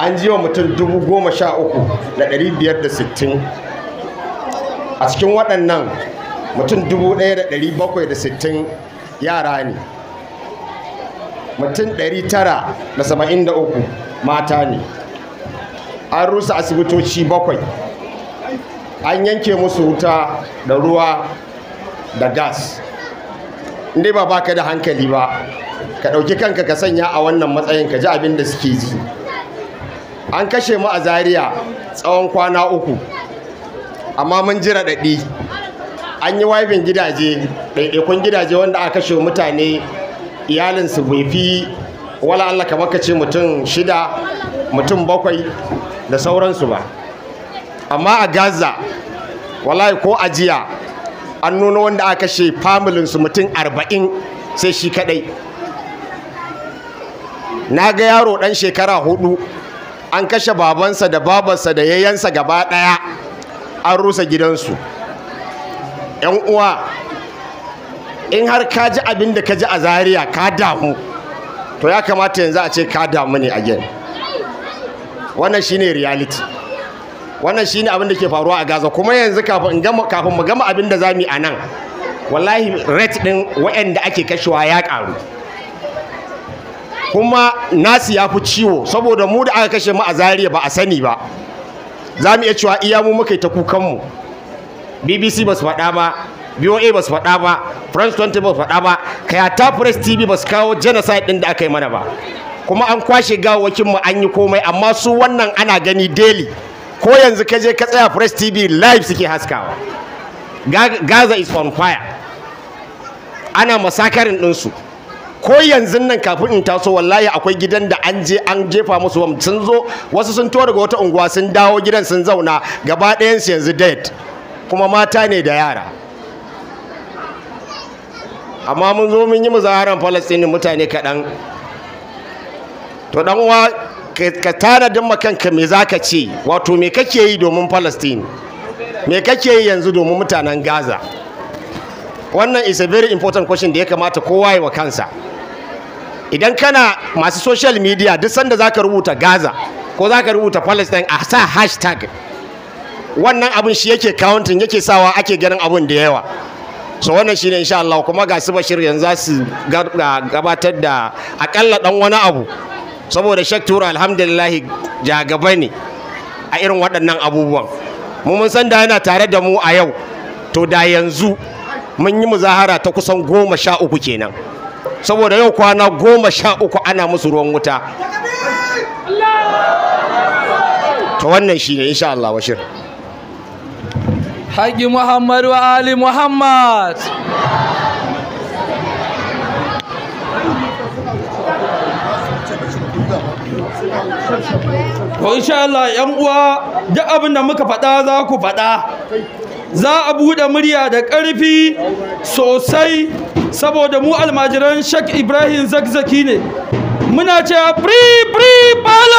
an ji wa mutum dubu a cikin waɗannan mutum dubu yara ne mutum 973 mata ne an rusa asibitoci bakwai an yanke musu wuta da ruwa da gas inda ba baka da hankali ba ka ɗauki kanka ka sanya a wannan matsayin ka ji abin da suke ji an kashe mu a Zariya tsawon kwana uku amma mun jira raɗaɗi an yi waifin gidaje ɗaiɗaikun gidaje wanda aka kashe mutane iyalinsu bai fi wala Allah kamar ka ce mutum shida mutum bakwai da sauransu ba amma a gaza wallahi ko a jiya an nuna wanda aka kashe familinsu mutum arba'in sai shi kaɗai na ga yaro ɗan shekara hudu an kashe babansa da babarsa da yayansa gaba ɗaya an rusa gidansu yan uwa in har ka ji abin da ka ji a zaria ka damu to ya kamata yanzu a ce ka damu ne again wannan shine reality wannan shine abin da ke faruwa a gaza kuma yanzu kafin mu gama abin da za mu yi a nan wallahi rate ɗin waɗanda ake kashewa ya ƙaru kuma nasi ya fi ciwo saboda mu da aka kashe mu a zariya ba a sani ba za mu iya cewa iya mu muka yi ta kukanmu bbc ba su faɗa ba BOA ba su faɗa ba France 20 ba su faɗa ba kayata Press TV ba su kawo genocide ɗin da aka yi mana ba kuma an kwashe gawakin mu an yi komai amma su wannan ana gani daily ko yanzu ka je ka tsaya Press TV live suke haskawa Gaza is on fire ana masakarin ɗinsu ko yanzu nan kafin in taso wallahi akwai gidan da an je an jefa musu wam sun zo wasu sun tuwa daga wata unguwa sun dawo gidan sun zauna gaba ɗayan su yanzu dead kuma mata ne da yara amma mun zo mun yi muzaharan falastinin mutane kaɗan to dan uwa ka tanadin makanka me zaka ce wato me kake yi domin falastini me kake yi yanzu domin mutanen gaza wannan is a very important question da ya kamata kowa yi wa kansa idan kana masu social media duk sanda za ka rubuta Gaza ko za ka rubuta Palestine a sa hashtag wannan abin shi yake counting yake sawa ake ganin abin da yawa so wannan shi insha Allah kuma ga su Bashir yanzu za su gabatar da akalla dan wani abu saboda Sheikh Tura alhamdulillah jagaba ne a irin waɗannan abubuwan mu mun san da yana tare da mu a yau to da yanzu mun yi muzahara ta kusan goma sha uku kenan saboda yau kwana goma sha uku ana musu ruwan wuta to wannan shi ne insha Allah washir haƙi muhammad wa ali muhammad to insha Allah yan uwa duk abin da muka faɗa za ku faɗa za a buɗe murya da ƙarfi sosai saboda mu almajiran shek ibrahim zakzaki ne muna cewa firi firi